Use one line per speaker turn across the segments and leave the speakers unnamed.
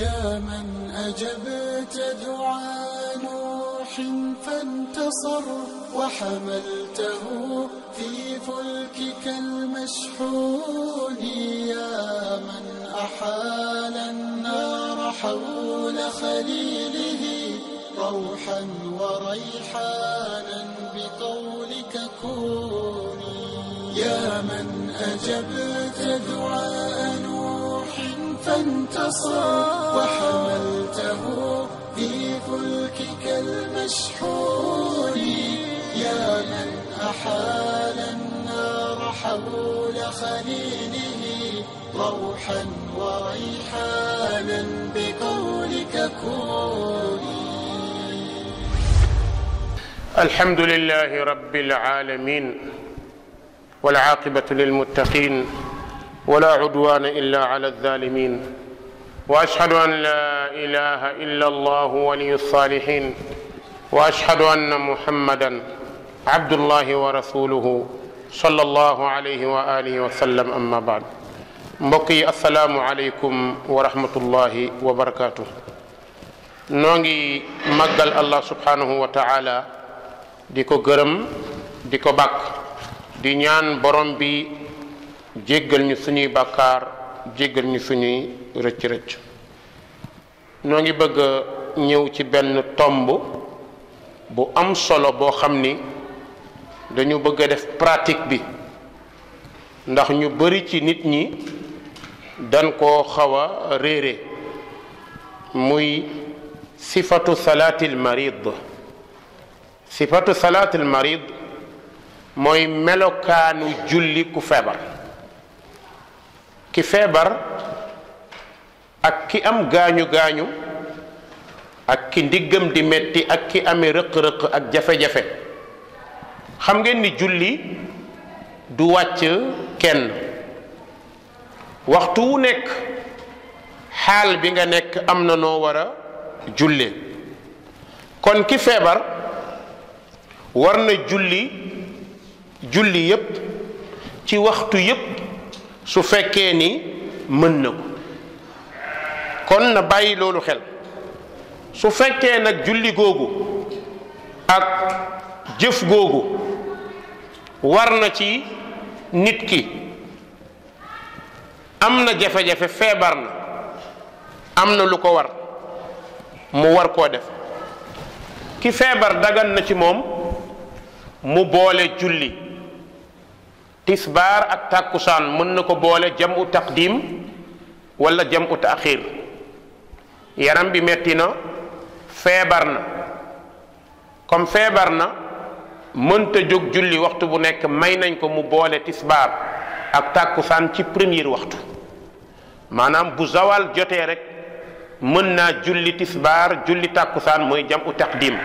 يا من أجبت دعاء نوح فانتصر وحملته في فلكك المشحون يا من أحال النار حول خليله روحا وريحانا بقولك كوني يا من أجبت دعاء فانتصر وحملته في فلكك المشحون يا من أحال النار حول خليله روحا وريحانا بقولك كوني الحمد لله رب العالمين والعاقبة للمتقين ولا عدوان إلا على الظالمين وأشهد أن لا إله إلا الله ولي الصالحين وأشهد أن محمدا عبد الله ورسوله صلى الله عليه وآله وسلم أما بعد mbokk yi asalaamualeykum wa rahmatullahi wa barakaatu noo ngi màggal allah subhanahu wa taala di ko gërëm di ko bàkk di ñaan borom bi jéggal ñu suñuy bàkkaar jéggal ñu suñuy rëcc-rëcc noo ngi bëgg ñëw ci benn tomb bu am solo boo xam ni dañu bëgg a def pratik bi ndax ñu bari ci nit ñi dan koo xaw a réere muy sifatu salaatil marid sifatu salaatil marid mooy melokaanu julli ku feebar ki feebar ak ki am gaañu gaañu ak ki ndiggam di metti ak ki amee rëq-rëq ak jafe-jafe xam ngeen ni julli du wàcc kenn waxtu wu nekk xaal bi nga nekk am na noo war a julle kon ki feebar war na julli julli yépp ci waxtu yépp su fekkee ni mën na ko kon na bàyyi loolu xel su fekkee nag julli googu ak jëf googu war na ci nit ki am na jafe-jafe feebar na am na lu ko war mu war koo def ki feebar dagal na ci moom mu boole julli tisbaar ak tàkkusaan mën na ko boole jamu taqdim wala jamu taaxir yaram bi metti na feebar na comme feebar na mënta jóg julli waxtu bu nekk may nañ ko mu boole tisbaar ak tàkkusaan ci première waxtu maanaam bu zawal jotee rek mën naa julli tisbaar julli tàkkusaan mooy jamu taqdim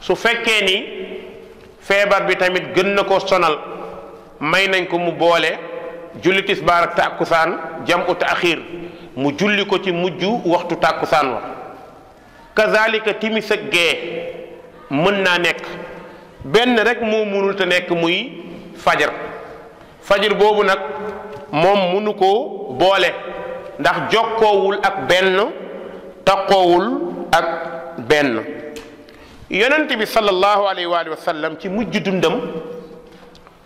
su fekkee ni feebar bi tamit gën na ko sonal may nañ ko mu boole julli tisbaar ak tàkkusaan jam u taaxiir mu julli ko ci mujj waxtu tàkkusaan wa kazalika timis gee mën naa nekk benn rekk moo mënul te nekk muy fajar fajir boobu nag moom mënu koo boole ndax jokkoowul ak benn takkoowul ak benn yonent bi sallallahu alayhi wa sallam ci mujj dundam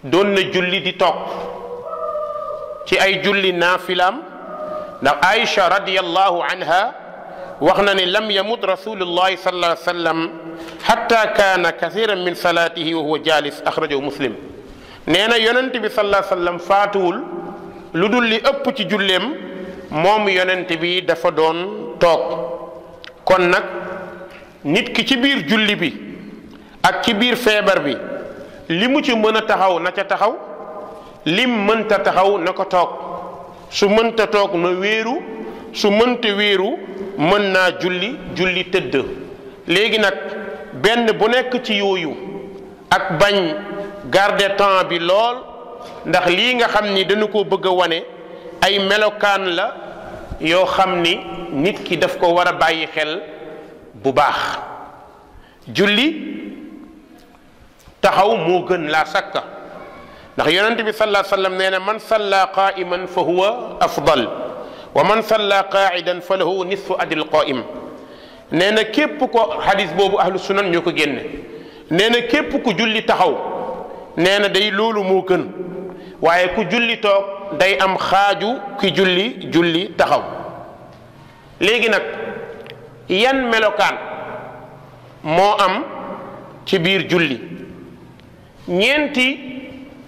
doon na julli di toog ci ay julli naafilaam ndax Aïcha radiyallahu anha wax na ne lam yamut rasulullahi sallallahu alayhi wa sallam xatta min salaatihi wa huwa jaalis axrajahu muslim nee na yonent bi sallallahu sallam faatuwul lu dul li ëpp ci julleem moom yonent bi dafa doon toog kon nag nit ki ci biir julli bi ak ci biir feebar bi li mu ci mën a taxaw na ca taxaw lim mënta taxaw na ko toog su mënta toog na wéeru su mënta wéeru mën naa julli julli tëdd léegi nag benn bu nekk ci yooyu ak bañ garder temps bi lool ndax lii nga xam ni dañu ko bëgg wane ay melokaan la yoo xam ni nit ki daf ko war a bàyyi xel bu baax julli taxaw moo gën laa sakka ndax yonent bi sallallahu alayhi nee na man salla qaiman fa huwa afdal wa man salla qaidan fa lahu nisfu ajril qaim nee na képp ko hadis boobu ahlu sunan ñoo ko génne nee na képp ku julli taxaw nee na day loolu moo gën waaye ku julli toog day am xaaju ki julli julli taxaw léegi nag yan melokaan moo am ci biir julli ñeenti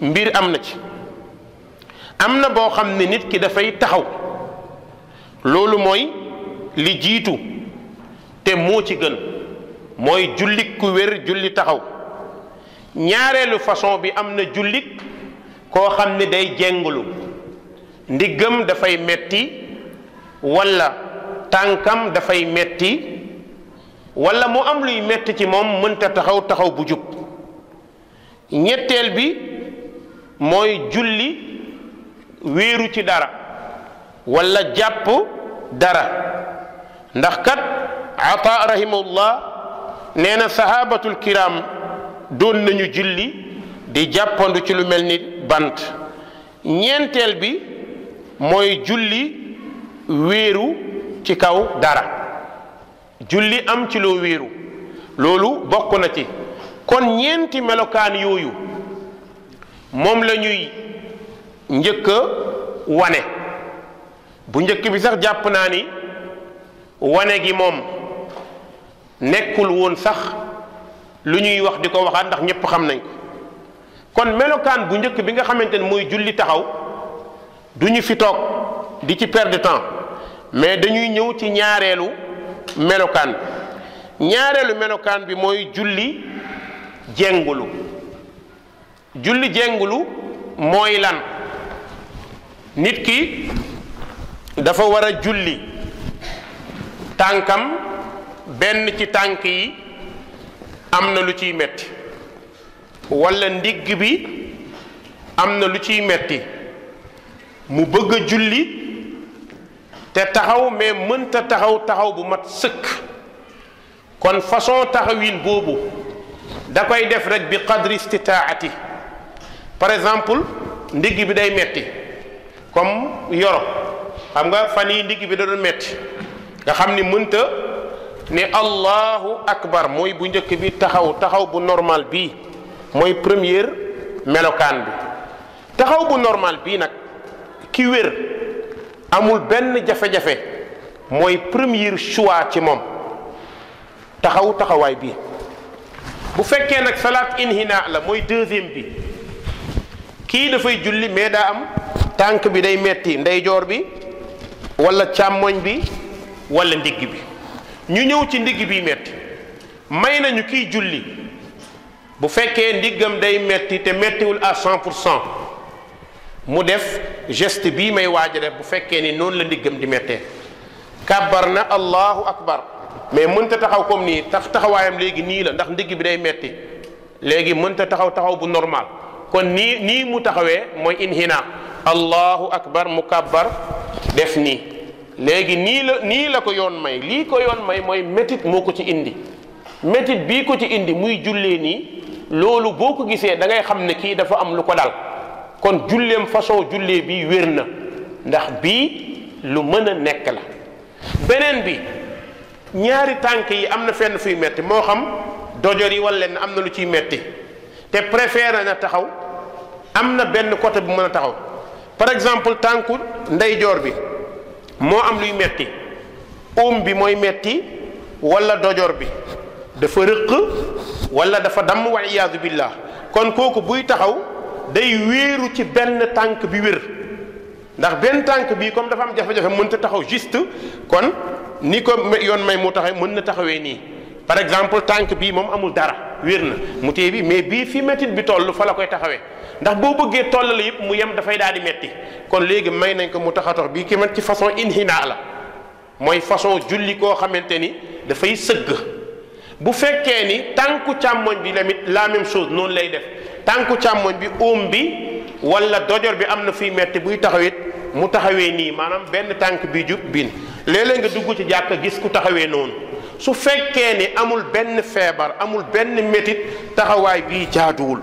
mbir am na ci am na boo xam ne nit ki dafay taxaw loolu mooy li jiitu te moo ci gën mooy jullik ku wér julli taxaw ñaareelu façon bi am na jullik koo xam ne day jenglu ndiggam dafay metti walla tànkam dafay metti walla mu am luy metti ci moom mënta taxaw taxaw bu jub ñetteel bi mooy julli wéeru ci dara wala jàpp dara ndax kat ata rahimahullah nee na sahabatul kiram doon nañu julli di jàppandu ci lu mel ni bant ñeenteel bi mooy julli wéeru ci kaw dara julli am ci loo wéeru loolu bokk na ci kon ñeenti melokaan yooyu moom la ñuy njëkk a wane bu njëkk bi sax jàpp naa ni wane gi moom nekkul woon sax lu ñuy wax di ko waxaat ndax ñëpp xam nañ ko kon melokaan bu njëkk bi nga xamante ne mooy julli taxaw du ñu fi toog di ci per perdre temps mais dañuy ñëw ci ñaareelu melokaan ñaareelu melokaan bi mooy julli jengulu julli jëngulu mooy lan nit ki dafa war a julli tànkam benn ci tànk yi am na lu ciy metti walla ndigg bi am na lu ciy metti mu bëgga julli te taxaw mais mënta taxaw taxaw bu mat sëkk kon façon taxawin boobu da koy def rek bi qadri istitaati par exemple ndigg bi day metti comme yoro xam nga fan yi ndigg bi da doon metti nga xam ni mënta ni allahu akbar mooy bu njëkk bi taxaw taxaw bu normal bii mooy première melokaan bi taxaw bu normal bii nag ki wér amul benn jafe-jafe mooy premier choix ci moom taxaw taxawaay bii bu fekkee nag salaat inhina la mooy deuxième bi kii dafay julli mais daa am tànk bi day metti ndeyjoor bi wala càmmoñ bi walla ndigg bi ñu ñëw ci ndigg bi metti may nañu kiy julli bu fekkee ndiggam day metti te mettiwul à cent pour cent mu def gest bi may waaj def bu fekkee ni noonu la ndiggam di mettee kàbbar na allahu akbar mais mënta taxaw comme nii tax taxawaayam léegi nii la ndax ndigg bi day metti léegi mënta taxaw taxaw bu normal kon nii nii mu taxawee mooy inhina allahu akbar mu kabbar def nii léegi nii la nii la ko yoon may lii ko yoon may mooy métit moo ko ci indi métit bii ko ci indi muy jullee nii loolu boo ko gisee da ngay xam ne kii dafa am lu ko dal kon julleem façon jullee bi wér na ndax bii lu mën a nekk la beneen bi ñaari tànk yi am na fenn fuy metti moo xam dojor yi wala lenn am na lu ciy metti te préféré na taxaw am na benn côté bu mën a taxaw par exemple tànku ndeyjoor bi moo am luy metti óom bi mooy metti wala dojoor bi dafa rëq wala dafa damm wal iyaadu billah kon kooku buy taxaw day wéeru ci benn tànk bi wér ndax benn tànk bii comme dafa am jafe-jafe mënta taxaw juste kon ni ko yoon may mu taxawee mën na taxawee nii par exemple tànk bii moom amul dara wér na mu téye bi mais bii fi métit bi toll fa la koy taxawee ndax boo bëggee tollal yëpp mu yem dafay daal di metti kon léegi may nañ ko mu taxatox bii ki ci façon inhinaa la mooy façon julli koo xamante ni dafay sëgg bu fekkee ni tànku càmmoñ bi tamit la même chose noonu lay def tànku càmmoñ bi óom bi wala dojor bi am na fi metti buy taxawit mu taxawee nii maanaam benn tànk bi jub biin léeg-léeg nga dugg ci jàkk gis ku taxawee noonu su fekkee ni amul benn feebar amul benn métit taxawaay bii jaaduwul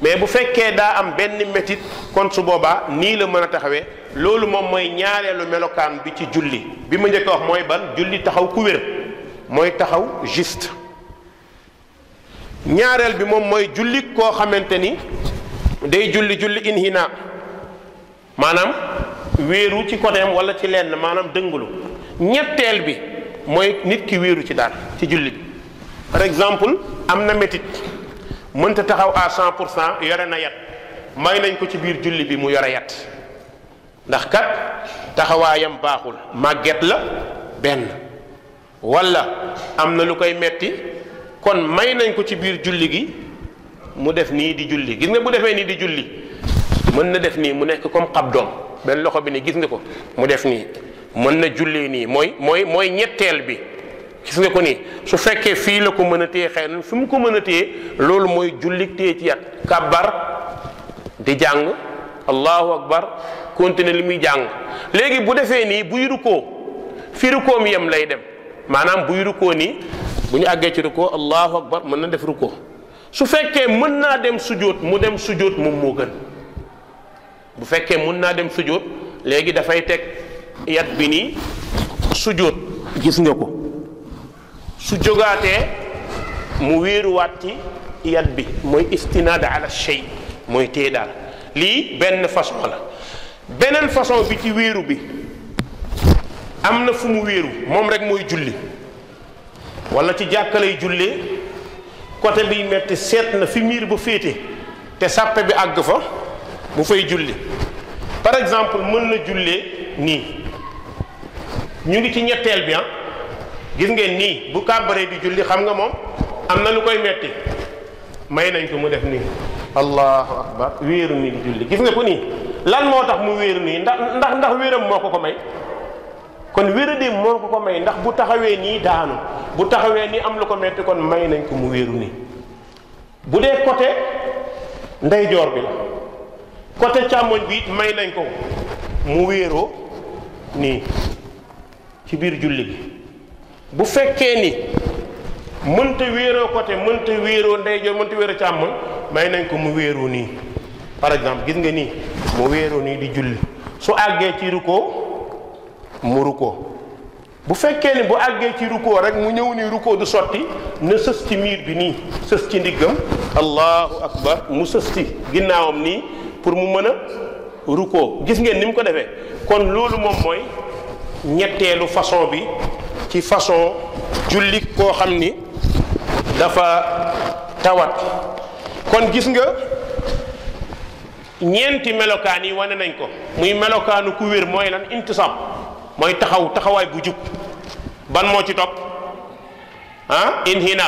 mais bu fekkee daa am benn métit kon su boobaa nii la mën a taxawee loolu moom mooy ñaareelu melokaan bi ci julli bi ma njëkk wax mooy ban julli taxaw ku wér mooy taxaw juste ñaareel bi moom mooy julli koo xamante ni day julli julli inhina maanaam wéeru ci côté am wala ci lenn maanaam dëngulu ñetteel bi mooy nit ki wiiru ci daal ci julli bi par exemple am na métit mënta taxaw à 100 pour cent yore na yat may nañ ko ci biir julli bi mu yore yat ndax kat taxawaayam baaxul màgget la benn walla am na lu koy metti kon may nañ ko ci biir julli gi mu def nii di julli gis nga bu defee nii di julli mën na def nii mu nekk comme xab doom benn loxo bi nii gis nga ko mu def nii mën na julle nii mooy mooy mooy ñetteel bi gis nga ko nii su fekkee fii la ko mën a téye xëy na fi mu ko mën a téye loolu mooy jullik téye ci yat kàbbar di jàng allahu akbar continuer li muy jàng léegi bu defee nii buy rukkoo fi rukkoom yem lay dem maanaam buy rukkoo nii bu ñu àggee ci rukkoo allahu akbar mën na def rukkoo su fekkee mën naa dem sujjóot mu dem sujjóot mu moo gën bu fekkee mën naa dem sujjóot léegi dafay teg yat bi nii sujjóot gis nga ko su jógaatee mu wéeruwaat ci yat bi mooy istinaada ala shay mooy téye daal lii benn façon la beneen façon bi ci wéeru bi am na fu mu wéeru moom rek mooy julli wala ci jàkkalay jullee côté biy metti seet na fi miir ba féete te sàppe bi àgg fa bu fay julli par exemple mën na julle nii ñu ngi ci ñetteel bi ah gis ngeen nii bu kàbbaree di julli xam nga moom am na lu koy metti may nañ ko mu def nii allahu akbar wéeru nii di julli gis nga ko nii lan moo tax mu wéeru nii ndax ndax ndax wéeram moo ko ko may kon wéradéem moo ko ko may ndax bu taxawee nii daanu bu taxawee nii am lu ko metti kon may nañ ko mu wéeru nii bu dee côté ndeyjoor bi la côté càmmoñ bi may nañ ko mu wéeroo nii ci biir julli bi bu fekkee ni mënta wéeroo côté mënta wéeroo ndeyjoor mënta wéeroo càmmoñ may nañ ko mu wéeroo nii par exemple gis nga nii mu wéeroo nii di julli su àggee ci rukkoo mu rukkoo bu fekkee ni bu àggee ci rukkoo rek mu ñëw nii rukkoo du sotti na sës ci miir bi nii sës ci ndiggam allahu akbar mu sës ci ginnaawam nii pour mu mën a rukkoo gis ngeen ni mu ko defee kon loolu moom mooy ñetteelu façon bi ci façon jullit koo xam ni dafa tawat kon gis nga ñeenti melokaan yi wane nañ ko muy melokaanu ku wér mooy lan intisab mooy taxaw taxawaay bu jub ban moo ci topp ah inhina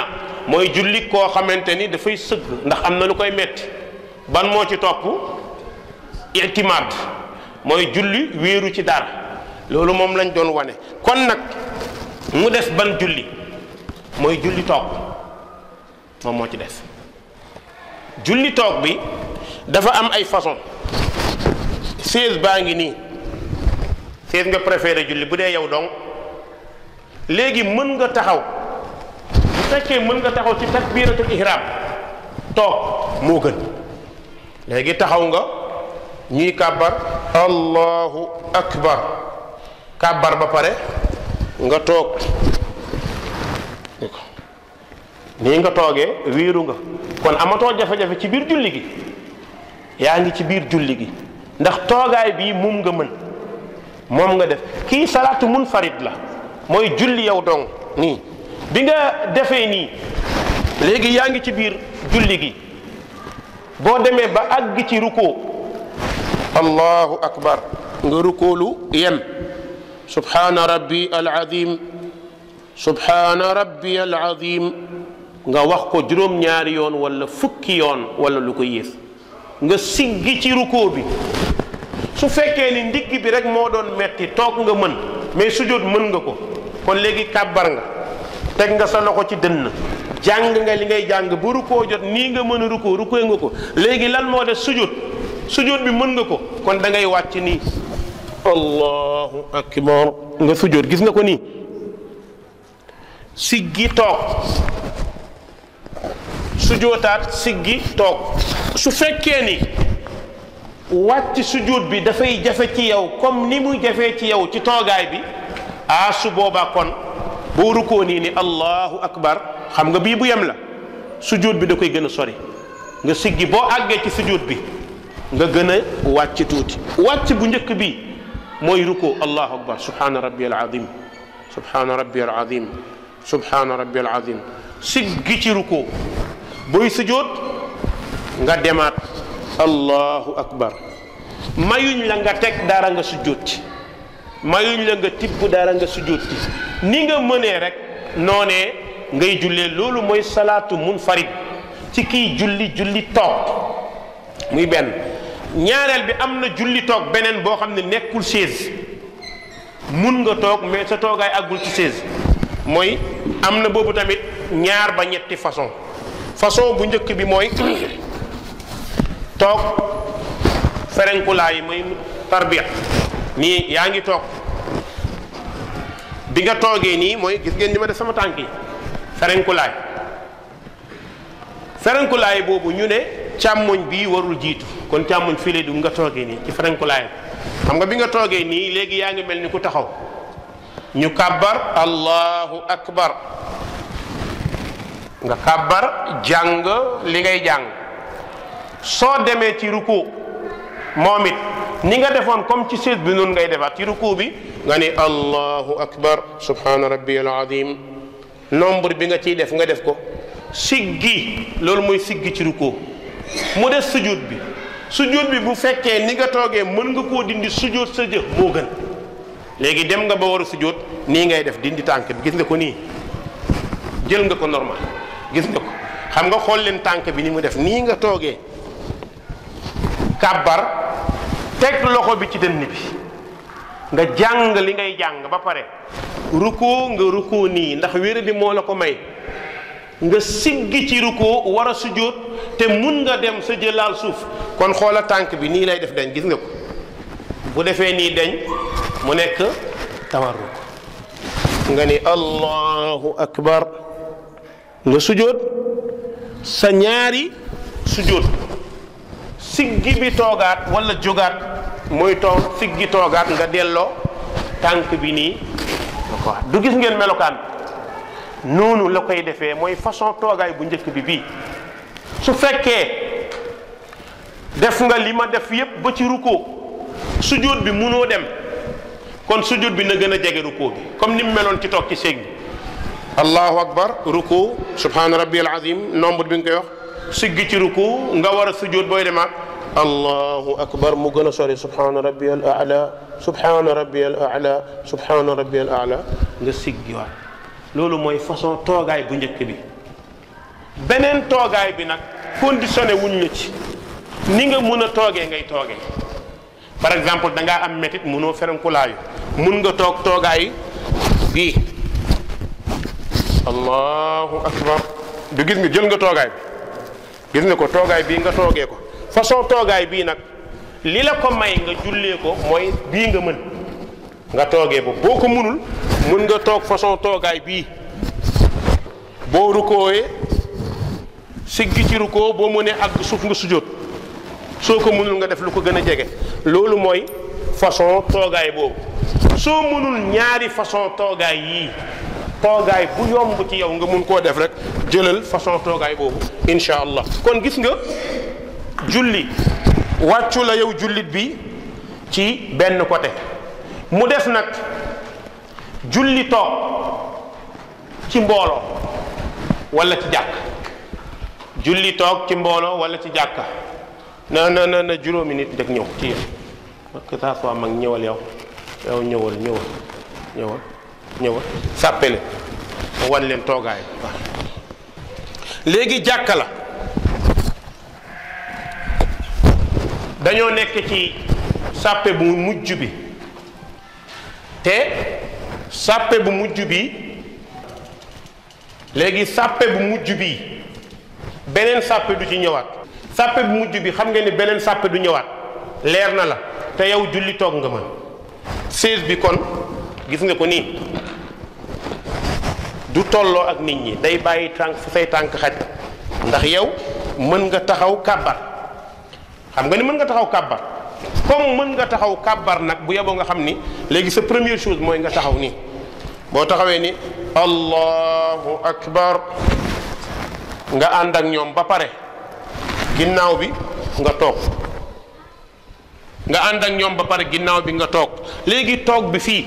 mooy julli koo xamante ni dafay sëgg ndax am na lu koy metti ban moo ci topp itimaad mooy julli wéeru ci dara loolu moom lañ doon wane kon nag mu des ban julli mooy julli toog moom moo ci des julli toog bi dafa am ay façon chaise baa ngi nii chaise nga préféré julli bu dee yow dong léegi mën nga taxaw bu fekkee mën nga taxaw ci takbiratul ihram toog moo gën léegi taxaw nga ñuy kàbbar allahu akbar kàbbar ba pare nga toog nii nga toogee wiiru nga kon amatoo jafe-jafe ci biir julli gi yaa ngi ci biir julli gi ndax toogaay bii moom nga mën moom nga def kii salaatu farit la mooy julli yow dong nii bi nga defee nii léegi yaa ngi ci biir julli gi boo demee ba àgg ci rukkoo allahu akbar nga rukkoolu yem subhaana rabbi alazim subhaana rabbi alazim nga wax ko juróom-ñaari yoon walla fukki yoon wala lu ko yées nga siggi ci rukkoo bi su fekkee ni ndigg bi rek moo doon metti toog nga mën mais sujjóot mën nga ko kon léegi kàbbar nga teg nga sa loxo ci dënn jàng nga li ngay jàng bu rukkoo jot nii nga mën a rukkoo nga ko léegi lan moo de sujjóot sujjóot bi mën nga ko kon dangay ngay wàcc nii allahu akbar nga sujjóot gis nga ko nii siggi toog sujjóotaat siggi toog su fekkee ni wàcc sujjóot bi dafay jafe ci yow comme ni muy jafee ci yow ci toogaay bi ah su boobaa kon boo rukkoo nii ni allahu akbar xam nga bii bu yem la sujjóot bi da koy gën a sori nga siggi boo àggee ci sujjóot bi nga gën a wàcc tuuti wàcc bu njëkk bi mooy rukkoo allahu akbar subhaana rabbi al azim subhaana rabbi al azim subhaana rabbi al azim ci rukkoo booy sujjóot nga demaat allahu akbar mayuñ la nga teg daara nga sujjóot ci mayuñ la nga tibb dara nga sujjóot ci ni nga mënee rek noone ngay jullee loolu mooy salaatu munfarid ci kiy julli julli toog muy benn ñaareel bi am na julli toog beneen boo xam ne nekkul chaise mun nga toog mais sa toogaay àggul ci chaise mooy am na boobu tamit ñaar ba ñetti façon façon bu njëkk bi mooy toog ferenkulaa yi mooy tarbiya nii yaa ngi toog bi nga toogee nii mooy gis ngeen ni ma def sama tànk yi ferenkulaay ferenkulaay boobu ñu ne càmmoñ bii warul jiitu kon càmmoñ fii lay dugg nga toogee nii ci ferenkulaay xam nga bi nga toogee nii léegi yaa ngi mel ni ku taxaw ñu kàbbar allahu akbar nga kàbbar jàng li ngay jàng soo demee ci ruku moom it ni nga defoon comme ci sées bi noonu ngay defaat ci ruku bi nga ni allahu akbar subhaana rabbiyal azim nombre bi nga ciy def nga def ko siggi loolu mooy siggi ci ruku mu des sujud bi sujud bi bu fekkee ni nga toogee mën nga koo dindi sujud sa jëf moo gën léegi dem nga ba war a sujud nii ngay def dindi tànk bi gis nga ko nii jël nga ko normal gis nga ko xam nga xool leen tànk bi ni mu def nii nga toogee kàbbar teg loxo bi ci dënn bi nga jàng li ngay jàng ba pare rukkoo nga rukkoo nii ndax wéra di moo la ko may nga siggi ci rukkoo war a sujud te mun nga dem sa jëlaal suuf kon xoola tànk bi nii lay def dañ gis nga ko bu defee nii dañ mu nekk tawarruk nga ni allahu akbar nga sujjóot sa ñaari sujjóot siggi bi toogaat walla jógaat mooy toog siggi toogaat nga delloo tànk bi nii du gis ngeen melokaan noonu la koy defee mooy façon toogaay bu njëkk bi bii su fekkee def nga li ma def yépp ba ci rukkoo sujjóot bi munoo dem kon sujjóot bi na gën a jege rukkoo bi comme ni mu meloon ci toog ci séeg bi allahu akbar rukkoo subhaana rabbiyal azim nombre bi nga wax siggi ci ruko nga war a sujjóot booy demaat allahu akbar mu gën a sore subhaana rabbiyal ala subhaana rabbiyal ala subhaana rabbiyal ala nga siggiwaat loolu mooy façon toogaay bu njëkk bi beneen toogaay bi nag conditionné wuñ la ci ni nga mun a toogee ngay toogee par exemple da ngaa am métit munoo ferankulaayu mun nga toog toogaay bii allahu akbar du gis nga jël nga toogaay bi gis nga ko toogaay bii nga toogee ko façon toogaay bii nag li la ko may nga jullee ko mooy bii nga mën nga toogee ba boo ko munul mun nga toog façon toogaay bii boo rukkooyee siggi ci rukkoo boo mënee àgg suuf nga sujjóot soo ko mënul nga def lu ko gën a jege loolu mooy façon toogaay boobu soo mënul ñaari façon toogaay yii toogaay bu yomb ci yow nga mun koo def rek jëlal façon toogaay boobu incha allah kon gis nga julli wàccu la yow jullit bi ci benn côté mu def nag julli toog ci mbooloo walla ci jàkk julli toog ci mbooloo wala ci jàkka na na na na juróomi nit rek ñëw ci yow que ça mag ñëwal yow yow ñëwal ñëwal ñëwal ñëwal sàppele wan leen toogaay léegi jàkka la dañoo nekk ci sàppe bu mujj bi te sàppe bu mujj bi léegi sàppe bu mujj bi beneen sàppe du ci ñëwaat sàppe bu mujj bi xam nga ni beneen sàppe du ñëwaat leer na la te yow julli toog nga ma sées bi kon gis nga ko nii du tolloo ak nit ñi day bàyyi tànk fu say tànk xaj ndax yow mën nga taxaw kàbbar xam nga ni mën nga taxaw kàbbar comme mën nga taxaw kàbbar nag bu yeboo nga xam ni léegi sa première chose mooy nga taxaw nii boo taxawee ni allahu akbar nga ànd ak ñoom ba pare ginnaaw bi nga toog nga ànd ak ñoom ba pare ginnaaw bi nga toog léegi toog bi fii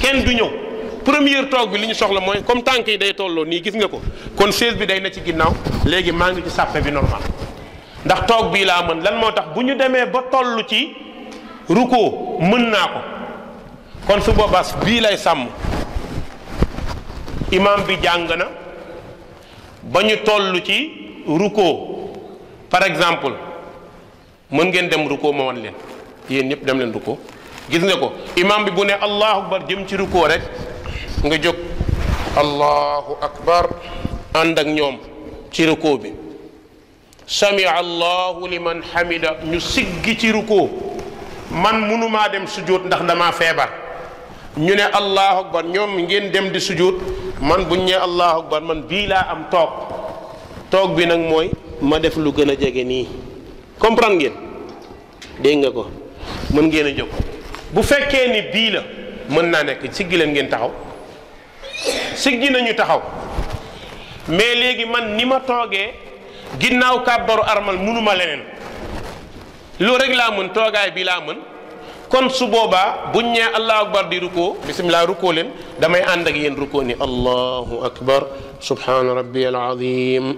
kenn du ñëw première toog bi li ñu soxla mooy comme tànk yi day tolloo nii gis nga ko kon chaise bi day na ci ginnaaw léegi maa ngi ci sàppe bi normal ndax toog bii laa mën lan moo tax bu ñu demee ba toll ci rukkoo mën naa ko kon su boobaas bii lay sàmm imaam bi jàng na. ba ñu toll ci ruko par exemple mën ngeen dem ruko ma wan leen yéen ñëpp dem leen ruko gis nga ko imam bi bu ne allahu akbar jëm ci ruko rek nga jóg allahu akbar ànd ak ñoom ci ruko bi samia allahu liman hamida ñu siggi ci ruko man mënumaa dem sujjóot ndax damaa feebar ñu ne allahu akbar ñoom mi ngeen dem di sujud man buñ ne allahu akbar man bii laa am toog toog bi nag mooy ma def lu gën a jege nii comprendre ngeen dégg nga ko mën ngeen a jóg bu fekkee ni bii la mën naa nekk siggi leen ngeen taxaw siggi nañu taxaw mais léegi man ni ma toogee ginnaaw kàbbaru armal mënuma leneen loolu rek laa mën toogaay bi laa mën kon su boobaa buñ ñee allahu akbar di rukkoo bisimilah rukkoo leen damay ànd ak yéen rukkoo ni allahu akbar subhaana rabbi alazim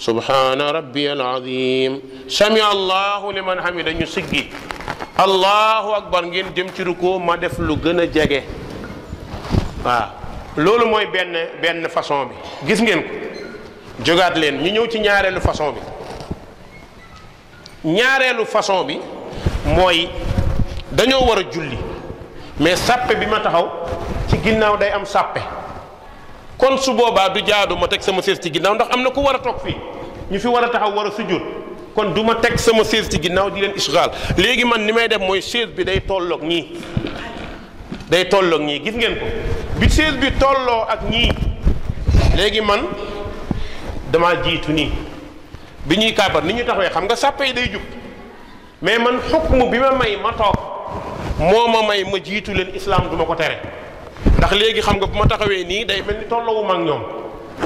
subhaana rabbi alazim sami allahu liman hamida ñu siggi allahu akbar ngeen jëm ci rukkoo ma def lu gën a jege waaw loolu mooy benn façon bi gis ngeen ko jógaat leen ñu ñëw ci ñaareelu façon bi ñaareelu façon bi mooy dañoo war a julli mais sàppe bi ma taxaw ci ginnaaw day am sàppe kon su boobaa du jaadu ma teg sama sées ci ginnaaw ndax am na ku war a toog fii ñu fi war a taxaw war a sujjóot kon du ma teg sama sées ci ginnaaw di leen ishgaal léegi man ni may def mooy sées bi day tolloog ñii day tollook ñii gis ngeen ko bi sées bi tolloo ak ñii léegi man dama jiitu nii bi ñuy kaabar ni ñu taxawee xam nga sàppe yi day jub mais man xukmu bi ma may ma toog moo ma may ma jiitu leen islaam du ma ko tere ndax léegi xam nga bu ma taxawee nii day mel ni tolloowu ma ak ñoom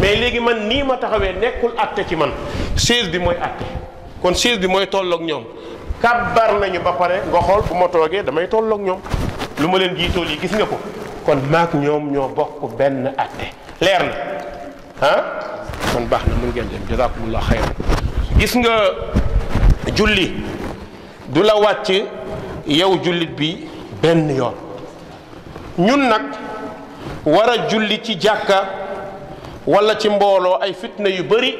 mais léegi man nii ma taxawee nekkul àtte ci man chaise bi mooy àtte kon chaise bi mooy tollook ñoom kàbbar nañu ba pare nga xool fu ma toogee damay tolloog ñoom lu ma leen jiitool yi gis nga ko kon maak ñoom ñoo bokk benn àtte leer na ah kon baax na mun ngeen dem jazakumullah xayran gis nga julli du la wàcc yow jullit bi benn yoon ñun nag war a julli ci jàkka wala ci mbooloo ay fitna yu bari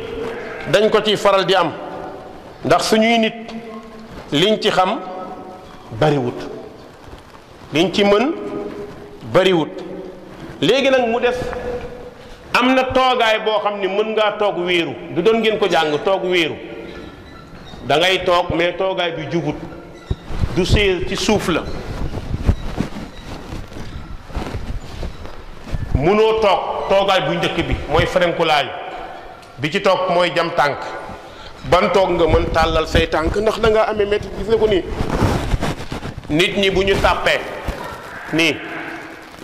dañ ko ci faral di am ndax suñuy nit liñ ci xam bariwut liñ ci mën bariwut léegi nag mu def am na toogaay boo xam ne mën ngaa toog wéeru du doon ngeen ko jàng toog wéeru da toog mais toogaay bi jubut du séer ci suuf la mënoo toog toogaay bu njëkk bi mooy frenkulaayu bi ci toog mooy jam tànk ban toog nga mën tàllal say tànk ndax da nga amee métti gis nga ko nii nit ñi bu ñu sàppee nii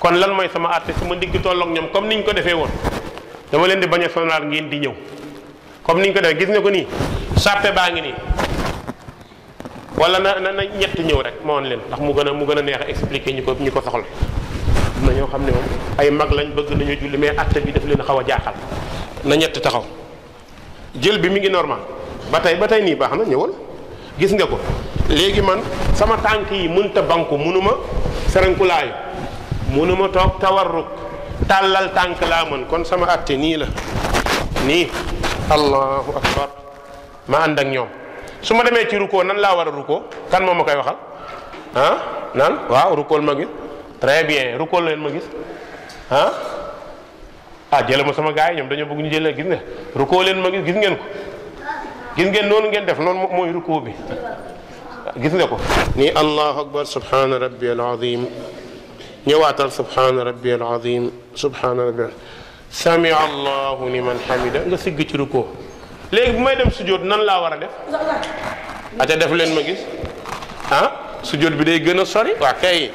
kon lan mooy sama artiste sama ndigg tolloog ñoom comme niñ ko defee woon dama leen di bañ a sonal ngeen di ñëw comme niñ ko defee gis nga ko nii sàppe baa ngi nii wala na na na ñett ñëw rek ma woon leen ndax mu gën a mu gën a neex a expliquer ñu ko ñu ko soxla am ñoo xam ne moom ay mag lañu bëgg nañu julli mais acte bi daf leen xaw a jaaxal na ñett taxaw jël bi mi ngi normal ba tey ba tey nii baax na ñëwal gis nga ko léegi man sama tànk yi mënta banku mënuma serenkulaayu munuma toog tawarruk tàllal tànk laa mën kon sama acte nii la nii allahu akbar ma ànd ak ñoom su ma demee ci rukkoo nan laa war a kan moom ma koy waxal ah nan waaw rukkool ma gis bien rukkool leen ma gis ah jële ma sama gars yi ñoom dañoo bëgg ñu jëlee gis nga rukkoo leen ma gis gis ngeen ko gis ngeen ngeen def noonu mooy rukkoo bi gis nga ko ni allahu akbar subhana rabbi al azim ñëwaatal subhana rabbi al azim subhana rabbi sami liman hamida nga sigg ci rukkoo léegi bu may dem sujjóot nan laa war a def ate def leen ma gis ah bi day gën a sori waa kay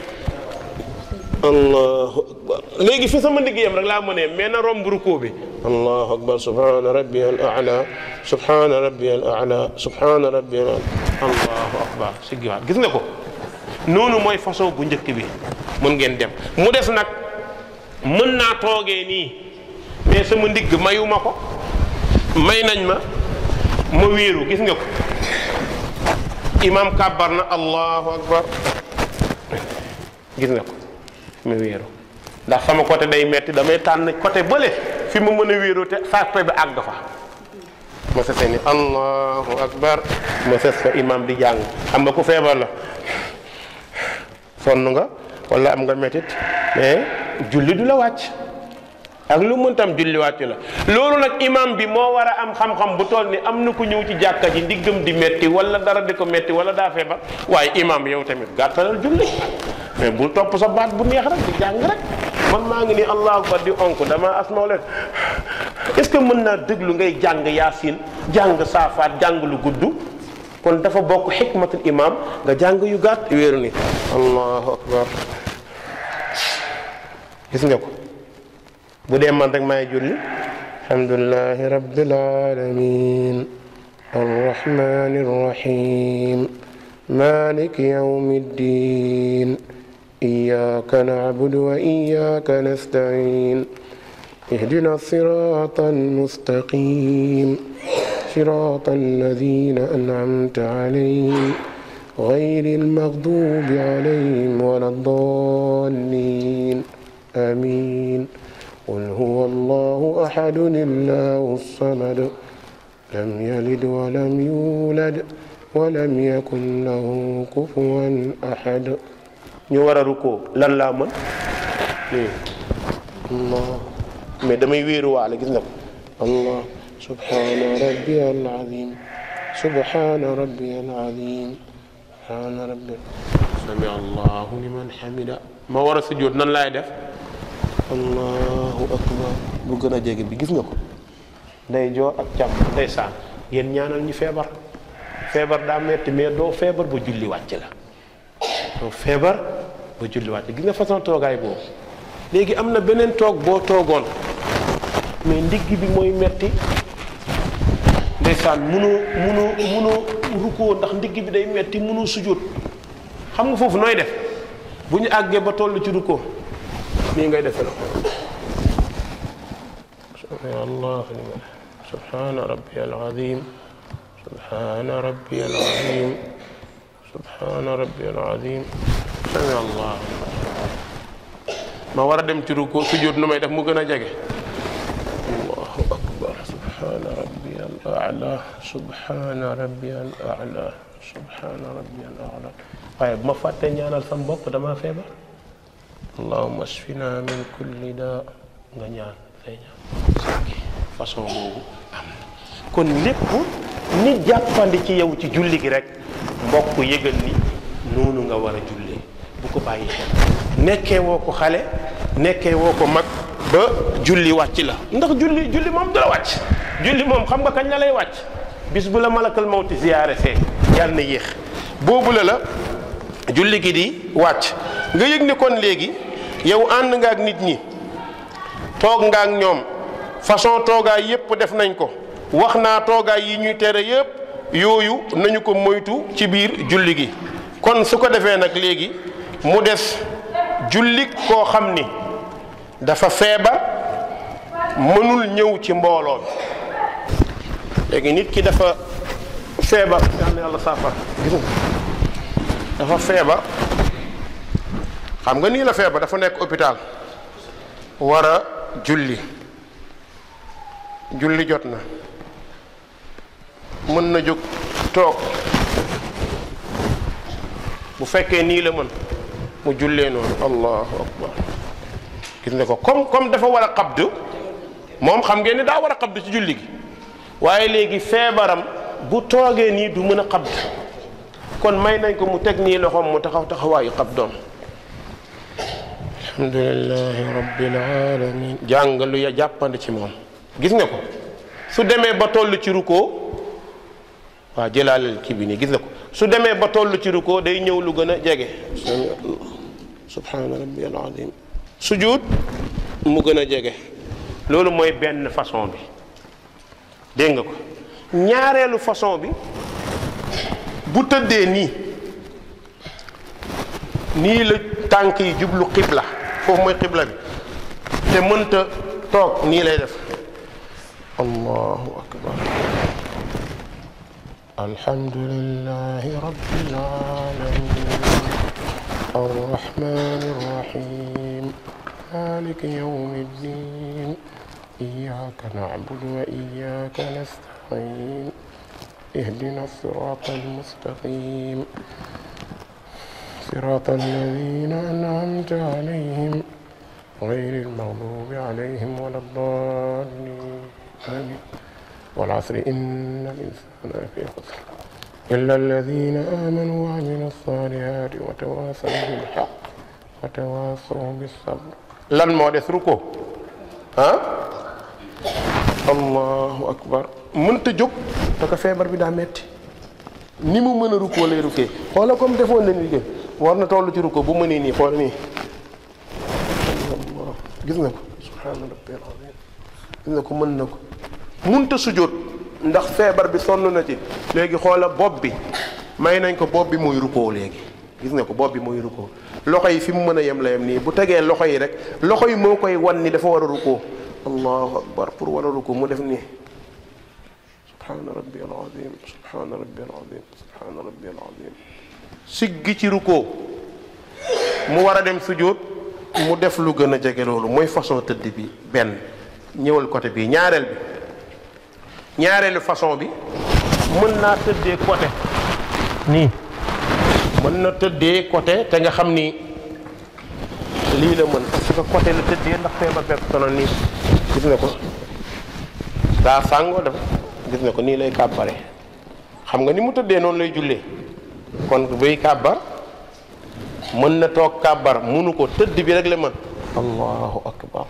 allahu akbar léegi fi sama ndigg yam rek laa mënee mais na romb rukkoo bi allahu akbar subhana rabbi ala subhana akbar gis nga ko noonu mooy façon bu njëkk bi mën ngeen dem mu des nag mën naa toogee nii mais sama ndigg mayu ma ko may nañ ma ma wéeru gis nga ko imam kàbbar na allahu akbar gis nga ko ma wéeru ndax sama côté day metti damay tànn côté bële fi mu mën a wéeroo te sarte bi àgg fa ma sese ni allahu akbar ma ses fa imam di jàng xam nga ku feebar la sonn nga wala am nga mettit mais julli du la wàcc ak lu mën tam am julliwaat la loolu nag imam bi moo war a am xam-xam bu toll ni am na ku ñëw ci jàkka ji ndiggam di metti wala dara di ko metti wala daa feebar waaye imam yow tamit gàttalal julli mais bul topp sa baat bu neex rek di jàng rek man maa ngi ni allahu akbar di onk dama asmaw leen est-ce que mën naa déglu ngay jàng yaasin jàng saafaat jàng lu gudd kon dafa bokk xikmatul imam nga jàng yu gàtt wéeru ni allahu akbar gis nga ko bu dee man rek maay julli alhamdulilahi rabbil alamin arrahmani arrahim maliki yawmi ddin iyyaka na'budu wa iyyaka nasta'in اهدنا الصراط المستقيم صراط الذين أنعمت عليهم غير المغضوب عليهم ولا الضالين آمين قل هو الله أحد الله الصمد لم يلد ولم يولد ولم يكن له كفوا أحد ñu war a rukkoo lan laa mën lii allah mais damay wéeruwaale gis nga ko allah subhaana rabbi al azim subhaana rabbi al azim subhaana rabbi sami allahu liman hamida ma war a sujjóot nan laay def allahu akbar bu gën a jege bi gis nga ko ndey joor ak càmm ndeysaan yéen ñaanal ñu feebar feebar daa metti mais doo feebar ba julli wàcc la doo feebar ba julli wàcc gis nga façon toogaay boobu léegi am na beneen toog boo toogoon mais ndigg bi mooy metti ndeysaan mënoo mënoo mënoo rukkoo ndax ndigg bi day metti mënoo sujjóot xam nga foofu nooy def bu ñu àggee ba toll ci rukkoo nii ngay defe sami allahu liman subhana rabbi alazim subhana rabbi alazim subhana rabbi alazim sami allahu ma war a dem ci ruku sujud nu may def mu gën a jege allahu akbar subhana rabbi al ala subhana rabbi al ala subhana rabbi al ala waaye bu ma fàttee ñaanal sama bopp dama feebar allahuma ashfina min kulli daa nga ñaan façon boobu am na kon lépp ni jàppandi ci yow ci julli gi rek mbokk yëgal ni noonu nga war a jullee bu ko bàyyi xel nekkee woo ko xale nekkee woo ko mag ba julli wàcc la ndax julli julli moom du la wàcc julli moom xam nga kañ la lay wàcc bis bu la malakal mawti ziyaare see yàlla na yéex boobu la la julli gi di wàcc nga yëg ni kon léegi yow ànd nga nit ñi toog nga ñoom façon toogaay yépp def nañ ko wax naa toogaay yi ñuy tere yépp yooyu nañu ko moytu ci biir julli gi kon su ko defee nag léegi mu des jullik koo xam ni dafa feebar mënul ñëw ci mbooloo léegi nit ki dafa feebar yàlla na yàlla dafa feebar xam nga nii la feebar dafa nekk hôpital war a julli julli jot na mën na jóg toog bu fekkee nii la mën mu jullee noonu allahu akbar gis nga ko comme comme dafa war a xabdu moom xam ngeen ni daa war a xabdu ci julli gi waaye léegi feebaram bu toogee nii du mën a xabdu kon may nañ ko mu teg nii loxoom mu taxaw taxawaayu xabdoom alhamdulilahi rabbil alamin jàng lu ya jàppandi ci moom gis nga ko su demee ba toll ci rukkoo waa jëlaalal kii bi nii gis nga ko su demee ba toll ci rukkoo day ñëw lu gën a jege subhaana rabbiyal sujud mu gën a jege loolu mooy benn façon bi dégg nga ko ñaareelu façon bi bu tëddee nii nii la tànk yi jublu xibla foofu mooy xibla bi te mënta toog nii lay def allahu akbar alhamdulilahi rabbil alamin arrahmani rrahim maliki yawmi ddin iyyaka na'budu wa iyyaka nasta'in ihdina sirata almustaqim صراط الذين أنعمت عليهم غير المغضوب عليهم ولا الضالين آمين والعصر إن الإنسان لفي خسر إلا الذين آمنوا وعملوا الصالحات وتواصوا بالحق وتواصوا بالصبر lan moo des ruko ah allahu akbar mënta jóg te ko feebar bi daa metti ni mu mën a rukkoo lay rukkee xoola comme defoon nañu liggéey war na toll ci ruko bu mënee nii xool nii gis nga ko subhaana rabbil azim gis nga ko mën na ko munta sujjóot ndax feebar bi sonn na ci léegi xoola bopp bi may nañ ko bopp bi muy rukkoo léegi gis na ko bopp bi muy rukkoo loxo yi fi mu mën a yem la yem nii bu tegee loxo yi rek loxo yi moo koy wan ni dafa war a rukkoo allahu akbar pour war a rukkoo mu def nii subhaana rabbil azim subhaana rabbil azim subhaana rabbil azim siggi ci rukkoo mu war a dem sujjóot mu def lu gën a jege loolu mooy façon tëdd bi benn ñëwal côté bi ñaareel bi ñaareelu façon bi mën naa tëddee côté nii mën na tëddee côté te nga xam ni lii la mën parce que côté la tëddee ndax feebar fekk sono nii gis na ko daa sàngoo dafa gis na ko nii lay kàbbare xam nga ni mu tëddee noonu lay jullee kon buy kàbbar mën na toog kàbbar munu ko tëdd bi rek la mën allahu akbar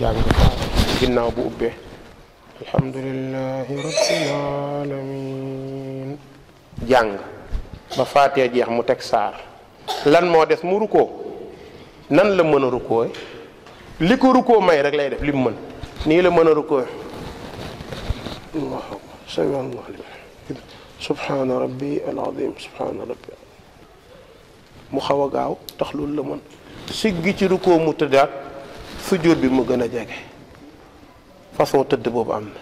jàng ginnaaw bu ubbee alhamdulillahi rabbil alamin jàng ba faatee jeex mu teg saar lan moo des mu rukkoo nan la mën a rukkoo li ko rukkoo may rek lay def li mu mën nii la mën a rukkoo subhaana rabbi alazim mu xaw a gaaw tax loolu la mën si ci rukkoo mu tëddaat sujjóot bi mu gën a jege façon tëdd boobu am na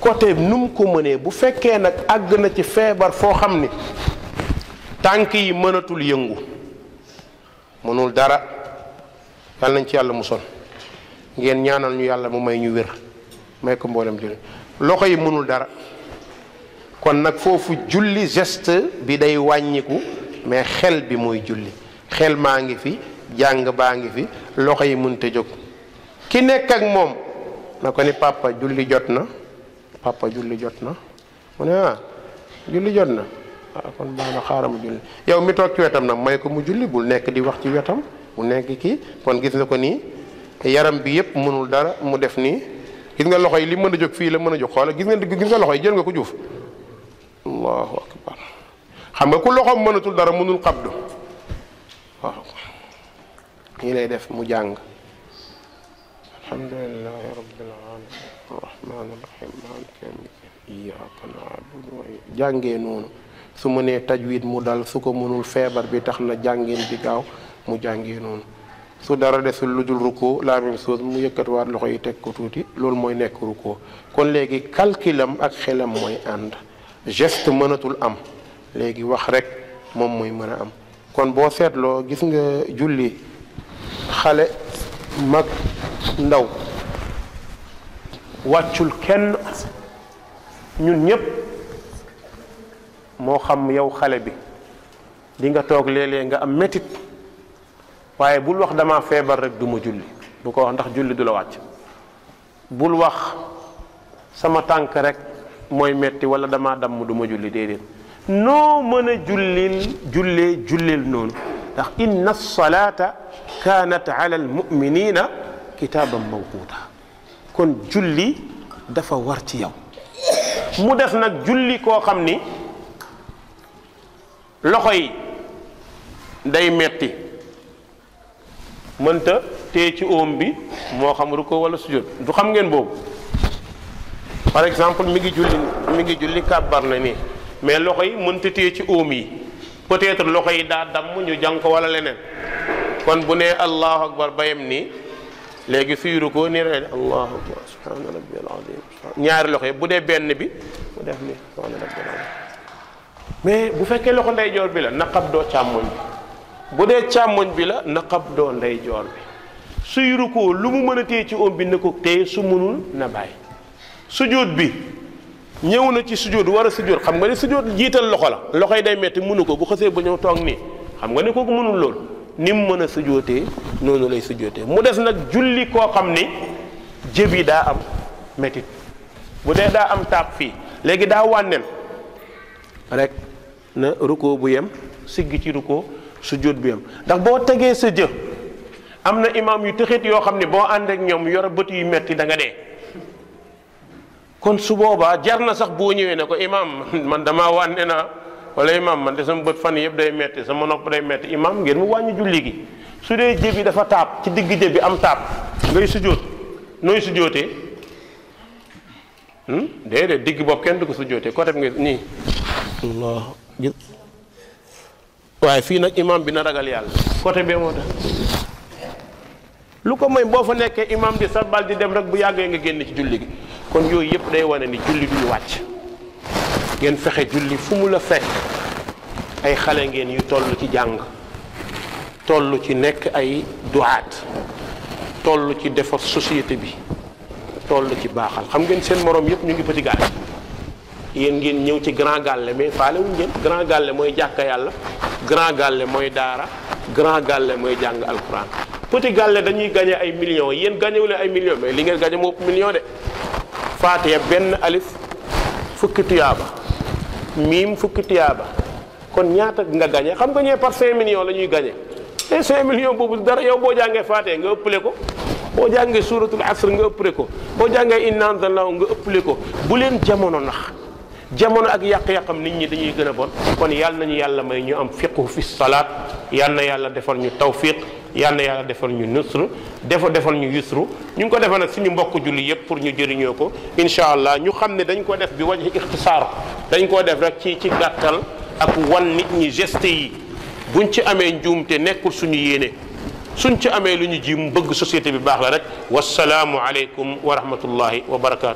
côté nu mu ko mënee bu fekkee nag àgg na ci feebar foo xam ni tànk yi mënatul yëngu mënul dara yàlla nañ ci yàlla mu son ngeen ñaanal ñu yàlla mu may ñu wér may ko mboolem jullit loxo yi mënul dara kon nag foofu julli geste bi day wàññiku mais xel bi mooy julli xel maa ngi fi jàng baa ngi fi loxo yi mënta jóg ki nekk ak moom na ko ni papa julli jot na papa julli jot na mu ne ah julli jot na ah kon baax na xaaral mu julli yow mi toog ci wetam nag may ko mu julli bul nekk di wax ci wetam mu nekk kii kon gis nga ko nii yaram bi yëpp mënul dara mu def nii gis nga loxo yi li mën a jóg fii la mën a jóg xoola gis nga loxo yi jël nga ko juuf allahu akbar xam nga ku loxoom mënatul dara mënul xabdu waaw ñi lay def mu jàng alhamdulilahi rabbil alamin noonu su mënee taj tajwid mu dal su ko mënul feebar bi tax na jàngeen bi gaaw mu jàngee noonu su dara desul lu dul rukkoo la même chose mu yëkkatiwaat loxo yi teg ko tuuti loolu mooy nekk rukkoo kon léegi calculam ak xelam mooy ànd geste mënatul am léegi wax rek moom mooy mën a am kon boo seetloo gis nga julli xale mag ndaw wàccul kenn ñun ñépp moo xam yow xale bi di nga toog léeg-léeg nga am métit waaye bul wax dama feebar rek du ma julli bu ko wax ndax julli du la wàcc bul wax sama tànk rek mooy metti wala damaa damm du ma julli déedéet noo mën a jullee jullil noonu ndax inna alsalata kaanat ala almuminina kitaaban mawquuta kon julli dafa war ci yow mu def nag julli koo xam ni loxo yi day metti mënta tee ci óom bi moo xam ruko wala sujud du xam ngeen boobu par exemple mi ngi julli mi ngi julli kàbbar na nii mais loxo yi mënta téye ci óom yi peut-être loxo yi daa damm ñu jàng ko wala leneen kon bu nee allahu akbar bayam nii léegi suy rukkoo nii rek allahu loxo yi bu dee benn bi def mais bu fekkee loxo ndeyjoor bi la naqab doo càmmoñ bi bu dee càmmoñ bi la naqab doo ndeyjoor bi suy rukkoo lu mu mën a téye ci óom bi na ko téye su mënul na bàyyi sujjóot bi ñëw na ci sujjóot war a sujjóot xam nga ne sujjóot jiital loxo la loxo yi day metti mënu ko bu xësee ba ñëw toog nii xam nga ne kooku mënul loolu ni mu mën a sujjóotee noonu lay sujjóotee mu des nag julli koo xam ni jëb yi daa am métit bu dee daa am taab fii léegi daa wànneen rek na rukkoo bu yem siggi ci rukkoo sujjóot bu yem ndax boo tegee sa jë am na imaam yu tëxit yoo xam ne boo ànd ak ñoom yor bët yu metti da nga dee kon su boobaa jar na sax boo ñëwee ne ko imaam man damaa wànne naa wala imaam man de sama bët fan yëpp day metti sama nopp day metti imaam ngir mu wàññi julli gi su dee jë bi dafa taab ci digg jë bi am taab ngay sujjóot nooy sujjóotee hmm? déedéet digg bopp kenn du ko sujjóotee côté bi ngay nii waaye fii nag imam bi na ragal yàlla côté bee moo tax lu ko mooy boo fa nekkee imaam di bal di dem rek bu yàggee nga génn ci julli gi kon yooyu yëpp day wane ni julli duñu wàcc ngeen fexe julli fu mu la fekk ay xale ngeen yu toll ci jàng toll ci nekk ay duaat toll ci defar société bi toll ci baaxal xam ngeen seen morom yëpp ñu ngi petit gàlle yéen ngeen ñëw ci grand gàlle mais faale wuñ ngeen grand gàlle mooy jàkka yàlla grand gàlle mooy daara grand gàlle mooy jàng al alquran petit gàlle dañuy gagné ay million yéen gagné wu leen ay millions mais li ngeen gagné moo million de faatiha benn alif fukki tuyaaba miim fukki tuyaaba kon ñaata nga gañe xam nga ñee par 5 millions la ñuy gañe eh, te 5 million boobu dara yow boo jàngee faatiha nga ëppale ko boo jàngee suuratul asr nga ëppale ko boo jàngee innaa anzalnaahu nga ëppale ko bu leen jamono nax jamono ak yàq-yàqam nit ñi dañuy gën a bon kon yàlla ñu yàlla may ñu am fiqhu fi salaat yàlla na yàlla defal ñu tawfiq yal na yàlla defal ñu nusru defa defal ñu yusru ñu ngi ko defal nag suñu mbokk julli yëpp pour ñu jëriñoo ko incha allah ñu xam ne dañ ko def bi wajhi ixtisaar dañ koo def rek ci ci gàttal ak wan nit ñi geste yi buñ ci amee njuumte nekkul suñu yéene suñ ci amee lu ñu jim bëgg société bi baax la rek wasalaamu aleykum wa rahmatullahi wa barakaatu.